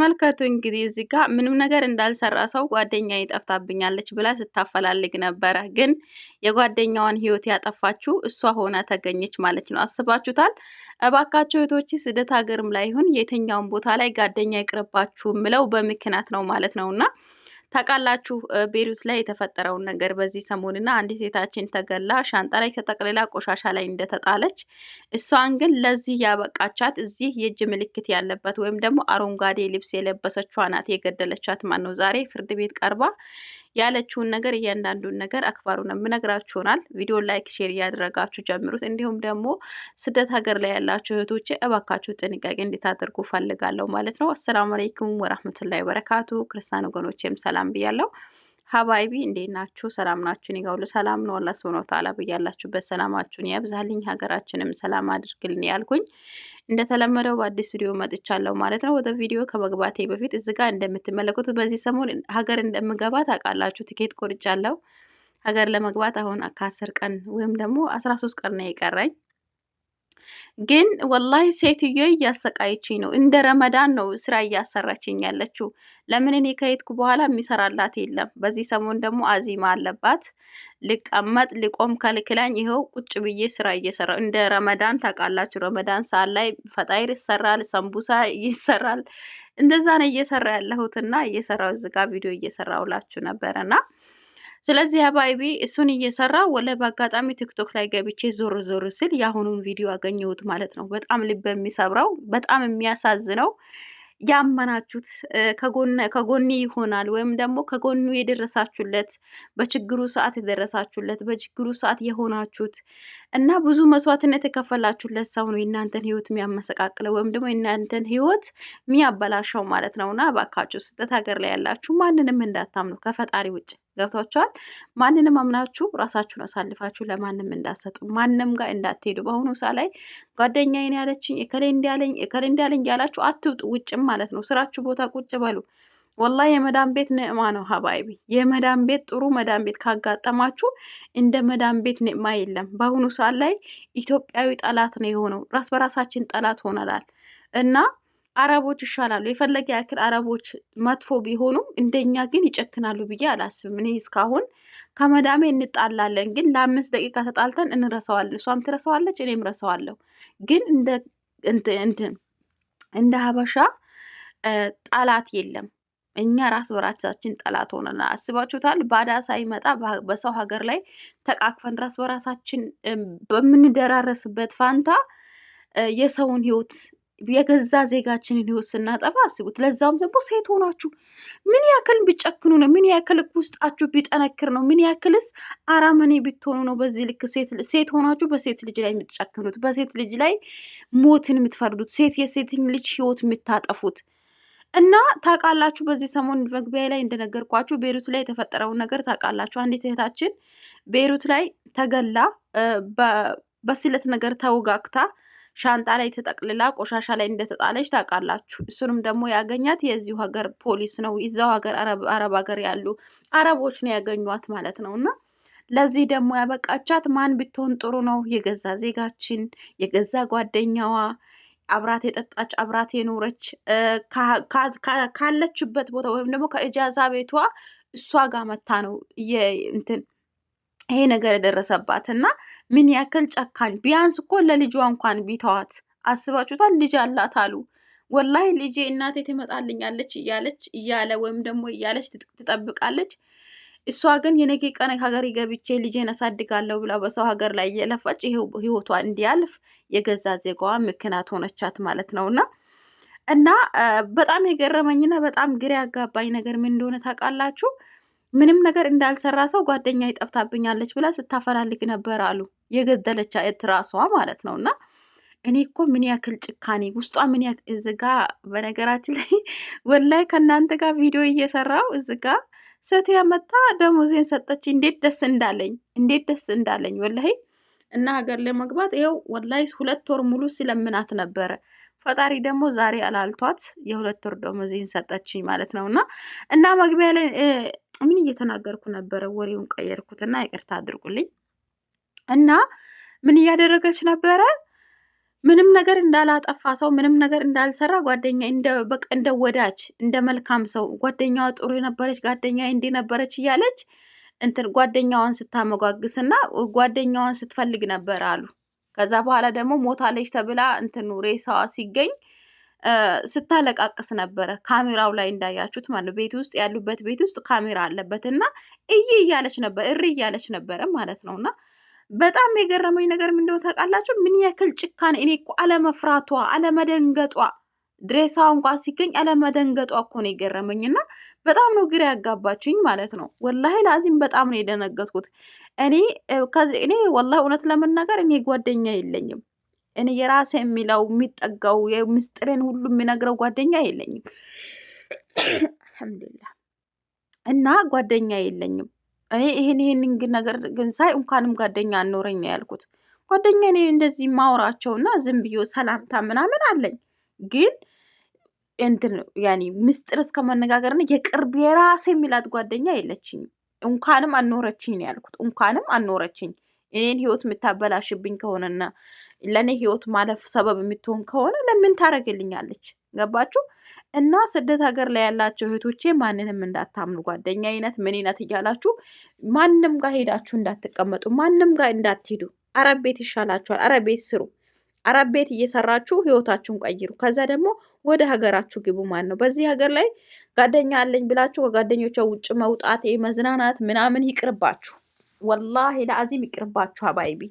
ተመልከቱ እንግዲህ እዚህ ጋ ምንም ነገር እንዳልሰራ ሰው ጓደኛ ይጠፍታብኛለች ብላ ስታፈላልግ ነበረ። ግን የጓደኛዋን ህይወት ያጠፋችው እሷ ሆና ተገኘች ማለት ነው። አስባችሁታል? እባካቸው እህቶች፣ ስደት ሀገርም ላይ ይሁን ቦታ ላይ ጓደኛ ይቅርባችሁ ምለው በምክንያት ነው ማለት እና ታውቃላችሁ ቤሩት ላይ የተፈጠረውን ነገር በዚህ ሰሞንና አንዲት ሴታችን ተገላ ሻንጣ ላይ ተጠቅልላ ቆሻሻ ላይ እንደተጣለች እሷን ግን ለዚህ ያበቃቻት እዚህ የእጅ ምልክት ያለበት ወይም ደግሞ አረንጓዴ ልብስ የለበሰችዋ ናት የገደለቻት። ማን ነው ዛሬ ፍርድ ቤት ቀርባ ያለችውን ነገር እያንዳንዱን ነገር አክባሩን የምነግራችሁ ይሆናል። ቪዲዮ ላይክ፣ ሼር እያደረጋችሁ ጀምሩት። እንዲሁም ደግሞ ስደት ሀገር ላይ ያላችሁ እህቶቼ እባካችሁ ጥንቃቄ እንድታደርጉ ፈልጋለሁ ማለት ነው። አሰላሙ አለይኩም ወራህመቱላሂ ወበረካቱ። ክርስቲያን ወገኖቼም ሰላም ብያለሁ። ሀባይቢ እንዴት ናችሁ? ሰላም ናችሁን? ይገውሉ ሰላም ነው። አላህ ሱብሃነሁ ወተዓላ ብያላችሁበት ሰላማችሁን ያብዛልኝ፣ ሀገራችንም ሰላም አድርግልን ያልኩኝ እንደተለመደው በአዲስ ስቱዲዮ መጥቻለሁ ማለት ነው። ወደ ቪዲዮ ከመግባቴ በፊት እዚህ ጋር እንደምትመለከቱት በዚህ ሰሞን ሀገር እንደምገባ ታውቃላችሁ። ቲኬት ቆርጫለሁ ሀገር ለመግባት አሁን ከአስር ቀን ወይም ደግሞ አስራ ሶስት ቀን ነው የቀረኝ ግን ወላይ ሴትዮ እያሰቃየችኝ ነው። እንደ ረመዳን ነው ስራ እያሰራችኝ ያለችው። ለምን እኔ ከሄድኩ በኋላ የሚሰራላት የለም። በዚህ ሰሞን ደግሞ አዚማ አለባት። ልቀመጥ ልቆም ከልክላኝ፣ ይኸው ቁጭ ብዬ ስራ እየሰራ እንደ ረመዳን ታውቃላችሁ፣ ረመዳን ሰዓት ላይ ፈጣይር ይሰራል፣ ሰንቡሳ ይሰራል። እንደዛ ነው እየሰራ ያለሁትና እየሰራው እዚጋ ቪዲዮ እየሰራውላችሁ ነበረና ስለዚህ ሀባይቢ እሱን እየሰራ ወለ በአጋጣሚ ቲክቶክ ላይ ገብቼ ዞር ዞር ስል የአሁኑን ቪዲዮ አገኘሁት ማለት ነው። በጣም ልብ የሚሰብረው በጣም የሚያሳዝነው ያመናችሁት ከጎኒ ይሆናል ወይም ደግሞ ከጎኑ የደረሳችሁለት በችግሩ ሰዓት የደረሳችሁለት በችግሩ ሰዓት የሆናችሁት እና ብዙ መስዋዕትነት የከፈላችሁለት ሰው ነው የእናንተን ሕይወት የሚያመሰቃቅለው ወይም ደግሞ የእናንተን ሕይወት የሚያበላሸው ማለት ነው። እና እባካችሁ ስጠት ሀገር ላይ ያላችሁ ማንንም እንዳታምኑ ከፈጣሪ ውጭ ገብቷቸዋል። ማንንም አምናችሁ ራሳችሁን አሳልፋችሁ ለማንም እንዳሰጡ፣ ማንም ጋር እንዳትሄዱ። በአሁኑ ሰዓት ላይ ጓደኛዬን ያለችኝ እከሌ እንዲያለኝ እከሌ እንዲያለኝ ያላችሁ አትውጡ። ውጭም ማለት ነው ስራችሁ ቦታ ቁጭ በሉ። ወላ የመዳን ቤት ንዕማ ነው ሀባይቢ። የመዳን ቤት ጥሩ መዳን ቤት ካጋጠማችሁ እንደ መዳን ቤት ንዕማ የለም። በአሁኑ ሰዓት ላይ ኢትዮጵያዊ ጠላት ነው የሆነው። ራስ በራሳችን ጠላት ሆነላል እና አረቦች ይሻላሉ። የፈለገ ያክል አረቦች መጥፎ ቢሆኑም እንደኛ ግን ይጨክናሉ ብዬ አላስብም። እኔ እስካሁን ከመዳሜ እንጣላለን፣ ግን ለአምስት ደቂቃ ተጣልተን እንረሰዋለን። እሷም ትረሰዋለች፣ እኔም ረሰዋለሁ። ግን እንደ ሀበሻ ጠላት የለም። እኛ ራስ በራሳችን ጠላት ሆነና አስባችሁታል? ባዳ ሳይመጣ በሰው ሀገር ላይ ተቃቅፈን ራስ በራሳችን በምንደራረስበት ፋንታ የሰውን ህይወት የገዛ ዜጋችንን ህይወት ስናጠፋ አስቡት። ለዛውም ደግሞ ሴት ሆናችሁ ምን ያክል ቢጨክኑ ነው? ምን ያክል ውስጣችሁ ቢጠነክር ነው? ምን ያክልስ አራመኔ ብትሆኑ ነው? በዚህ ልክ ሴት ሆናችሁ በሴት ልጅ ላይ የምትጨክኑት፣ በሴት ልጅ ላይ ሞትን የምትፈርዱት፣ ሴት የሴትን ልጅ ህይወት የምታጠፉት እና ታውቃላችሁ፣ በዚህ ሰሞን መግቢያ ላይ እንደነገርኳችሁ ቤሩት ላይ የተፈጠረውን ነገር ታውቃላችሁ። አንዲት እህታችን ቤሩት ላይ ተገላ በስለት ነገር ተወጋግታ ሻንጣ ላይ ተጠቅልላ ቆሻሻ ላይ እንደተጣለች ታውቃላችሁ። እሱንም ደግሞ ያገኛት የዚሁ ሀገር ፖሊስ ነው። ይዛው ሀገር አረብ ሀገር ያሉ አረቦች ነው ያገኟት ማለት ነው። እና ለዚህ ደግሞ ያበቃቻት ማን ብትሆን ጥሩ ነው? የገዛ ዜጋችን፣ የገዛ ጓደኛዋ አብራት የጠጣች አብራት የኖረች ካለችበት ቦታ ወይም ደግሞ ከእጃዛ ቤቷ እሷ ጋር መታ ነው እንትን ይሄ ነገር የደረሰባት እና ምን ያክል ጨካኝ! ቢያንስ እኮ ለልጇ እንኳን ቢተዋት። አስባችሁታል? ልጅ አላት አሉ። ወላሂ ልጄ እናቴ ትመጣልኛለች እያለች እያለ ወይም ደግሞ እያለች ትጠብቃለች። እሷ ግን የነገ ቀን ሀገር ገብቼ ልጄን አሳድጋለሁ ብላ በሰው ሀገር ላይ እየለፋች ህይወቷ እንዲያልፍ የገዛ ዜጋዋ ምክንያት ሆነቻት ማለት ነው እና እና በጣም የገረመኝና በጣም ግራ ያጋባኝ ነገር ምን እንደሆነ ታውቃላችሁ? ምንም ነገር እንዳልሰራ ሰው ጓደኛ ይጠፍታብኛለች ብላ ስታፈላልግ ነበር አሉ። የገደለች ራሷ ማለት ነው። እና እኔ እኮ ምን ያክል ጭካኔ ውስጧ ምን ያክል እዚ ጋ በነገራችን ላይ ወላይ ከእናንተ ጋር ቪዲዮ እየሰራው እዚ ጋ ሰት ያመጣ ደሞዜን ሰጠች። እንዴት ደስ እንዳለኝ እንዴት ደስ እንዳለኝ ወላይ እና ሀገር ለመግባት ይኸው ወላይ ሁለት ወር ሙሉ ስለምናት ነበረ። ፈጣሪ ደግሞ ዛሬ አላልቷት የሁለት ወር ደሞዜን ሰጠች ማለት ነው እና እና መግቢያ ላይ ምን እየተናገርኩ ነበረ? ወሬውን ቀየርኩትና ይቅርታ አድርጉልኝ። እና ምን እያደረገች ነበረ? ምንም ነገር እንዳላጠፋ ሰው ምንም ነገር እንዳልሰራ ጓደኛ እንደ ወዳጅ እንደ መልካም ሰው ጓደኛዋ ጥሩ የነበረች ጓደኛ እንዲህ ነበረች እያለች እንትን ጓደኛዋን ስታመጓግስ እና ጓደኛዋን ስትፈልግ ነበር አሉ። ከዛ በኋላ ደግሞ ሞታለች ተብላ እንትኑ ሬሳዋ ሲገኝ ስታለቃቅስ ነበረ። ካሜራው ላይ እንዳያችሁት ማለት ነው። ቤት ውስጥ ያሉበት ቤት ውስጥ ካሜራ አለበት እና እይ እያለች ነበር፣ እሪ እያለች ነበረ ማለት ነው። እና በጣም የገረመኝ ነገር ምንደው ታውቃላችሁ? ምን ያክል ጭካኔ! እኔ እኮ አለመፍራቷ፣ አለመደንገጧ ድሬሳ እንኳ ሲገኝ አለመደንገጧ እኮ ነው የገረመኝ። እና በጣም ነው ግራ ያጋባችኝ ማለት ነው። ወላሂ ላዚም በጣም ነው የደነገጥኩት። እኔ ከዚህ እኔ ወላሂ እውነት ለመናገር እኔ ጓደኛ የለኝም እኔ የራሴ የሚለው የሚጠጋው ምስጢሬን ሁሉ የሚነግረው ጓደኛ የለኝም። አልሐምዱሊላህ እና ጓደኛ የለኝም። እኔ ይህን ይህን ነገር ግን ሳይ እንኳንም ጓደኛ አኖረኝ ነው ያልኩት። ጓደኛ እኔ እንደዚህ ማውራቸው እና ዝም ብዬ ሰላምታ ምናምን አለኝ ግን እንትን ያኔ ምስጢር እስከ መነጋገር እና የቅርብ የራሴ የሚላት ጓደኛ የለችኝ። እንኳንም አኖረችኝ ነው ያልኩት። እንኳንም አኖረችኝ። እኔን ህይወት የምታበላሽብኝ ከሆነና ለእኔ ህይወት ማለፍ ሰበብ የምትሆን ከሆነ ለምን ታደርግልኛለች? ገባችሁ? እና ስደት ሀገር ላይ ያላቸው እህቶቼ ማንንም እንዳታምኑ፣ ጓደኛ አይነት ምን አይነት እያላችሁ ማንም ጋር ሄዳችሁ እንዳትቀመጡ፣ ማንም ጋር እንዳትሄዱ። አረብ ቤት ይሻላችኋል። አረብ ቤት ስሩ። አረብ ቤት እየሰራችሁ ህይወታችሁን ቀይሩ። ከዛ ደግሞ ወደ ሀገራችሁ ግቡ ማን ነው። በዚህ ሀገር ላይ ጓደኛ አለኝ ብላችሁ ከጓደኞቿ ውጭ መውጣት፣ መዝናናት ምናምን ይቅርባችሁ። ወላሂ ለአዚም ይቅርባችሁ አባይቢ።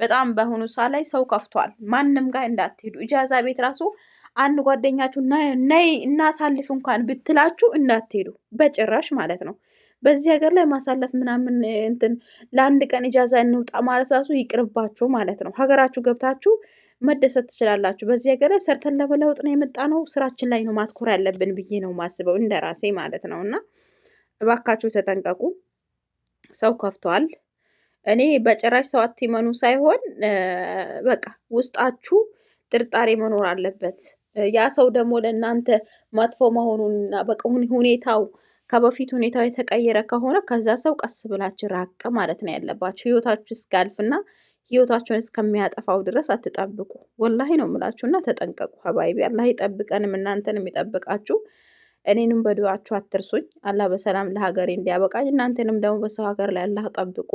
በጣም በአሁኑ ሰዓት ላይ ሰው ከፍቷል። ማንም ጋር እንዳትሄዱ። እጃዛ ቤት ራሱ አንድ ጓደኛችሁ ነይ እናሳልፍ እንኳን ብትላችሁ እንዳትሄዱ በጭራሽ ማለት ነው። በዚህ ሀገር ላይ ማሳለፍ ምናምን እንትን ለአንድ ቀን እጃዛ እንውጣ ማለት ራሱ ይቅርባችሁ ማለት ነው። ሀገራችሁ ገብታችሁ መደሰት ትችላላችሁ። በዚህ ሀገር ላይ ሰርተን ለመለውጥ ነው የመጣ ነው። ስራችን ላይ ነው ማትኮር ያለብን ብዬ ነው ማስበው፣ እንደ ራሴ ማለት ነው። እና እባካችሁ ተጠንቀቁ። ሰው ከፍቷል። እኔ በጭራሽ ሰው አትመኑ ሳይሆን በቃ ውስጣችሁ ጥርጣሬ መኖር አለበት። ያ ሰው ደግሞ ለእናንተ መጥፎ መሆኑንና በቃ ሁኔታው ከበፊት ሁኔታው የተቀየረ ከሆነ ከዛ ሰው ቀስ ብላችሁ ራቅ ማለት ነው ያለባችሁ። ህይወታችሁ እስኪያልፍና ህይወታችሁን እስከሚያጠፋው ድረስ አትጠብቁ። ወላሂ ነው የምላችሁ እና ተጠንቀቁ። ሀባይቢ አላህ ይጠብቀንም እናንተንም ይጠብቃችሁ። እኔንም በዱዓችሁ አትርሱኝ። አላህ በሰላም ለሀገሬ እንዲያበቃኝ እናንተንም ደግሞ በሰው ሀገር ላይ አላህ ጠብቆ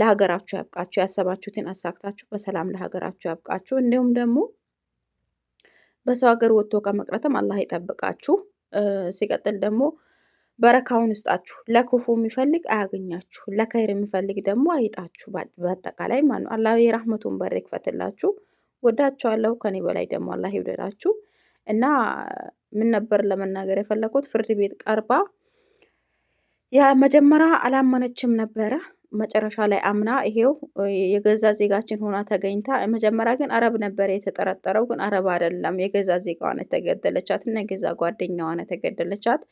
ለሀገራችሁ ያብቃችሁ። ያሰባችሁትን አሳክታችሁ በሰላም ለሀገራችሁ ያብቃችሁ። እንዲሁም ደግሞ በሰው ሀገር ወጥቶ ከመቅረትም አላህ ይጠብቃችሁ። ሲቀጥል ደግሞ በረካውን ውስጣችሁ ለክፉ የሚፈልግ አያገኛችሁ፣ ለከይር የሚፈልግ ደግሞ አይጣችሁ። በአጠቃላይ ማነው አላህ የራህመቱን በር ይክፈትላችሁ። ወዳችኋለሁ። ከኔ በላይ ደግሞ አላህ ይውደዳችሁ እና ምን ነበር ለመናገር የፈለኩት? ፍርድ ቤት ቀርባ የመጀመሪያ አላመነችም ነበረ። መጨረሻ ላይ አምና ይሄው የገዛ ዜጋችን ሆና ተገኝታ፣ መጀመሪያ ግን አረብ ነበር የተጠረጠረው፣ ግን አረብ አይደለም። የገዛ ዜጋዋ ነው የተገደለቻት እና የገዛ ጓደኛዋ ነው የተገደለቻት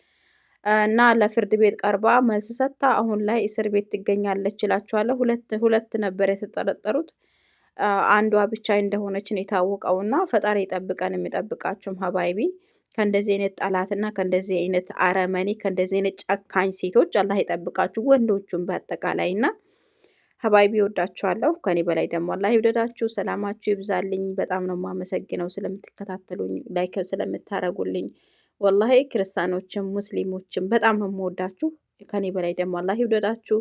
እና ለፍርድ ቤት ቀርባ መልስ ሰጥታ አሁን ላይ እስር ቤት ትገኛለች እላችኋለሁ። ሁለት ሁለት ነበር የተጠረጠሩት አንዷ ብቻ እንደሆነችን የታወቀው እና ፈጣሪ ይጠብቀን የሚጠብቃችሁም ሀባይቢ ከእንደዚህ አይነት ጠላትና ከእንደዚህ አይነት አረመኔ ከእንደዚህ አይነት ጨካኝ ሴቶች አላህ ይጠብቃችሁ፣ ወንዶቹን በአጠቃላይ እና ሀባይቢ ወዳችኋለሁ። ከኔ በላይ ደግሞ አላህ ይውደዳችሁ። ሰላማችሁ ይብዛልኝ። በጣም ነው የማመሰግነው ስለምትከታተሉኝ፣ ላይክ ስለምታረጉልኝ። ወላሂ ክርስቲያኖችም ሙስሊሞችም በጣም ነው የምወዳችሁ። ከኔ በላይ ደግሞ አላህ ይውደዳችሁ።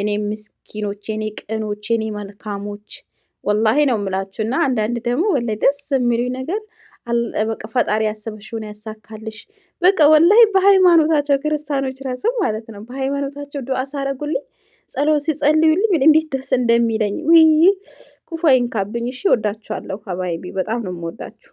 የኔ ምስኪኖች፣ የኔ ቅኖች፣ የኔ መልካሞች ወላሂ ነው የምላችሁ። እና አንዳንድ ደግሞ ወላሂ ደስ የሚሉኝ ነገር በቃ ፈጣሪ ያሰበሽውን ያሳካልሽ። በቃ ወላሂ በሃይማኖታቸው ክርስቲያኖች ራሱ ማለት ነው በሃይማኖታቸው ዱዓ ሳረጉልኝ ጸሎት ሲጸልዩልኝ እንዴት ደስ እንደሚለኝ። ውይ ኩፋ ይንካብኝ። እሺ ወዳችኋለሁ። ሀባይቢ በጣም ነው የምወዳችሁ።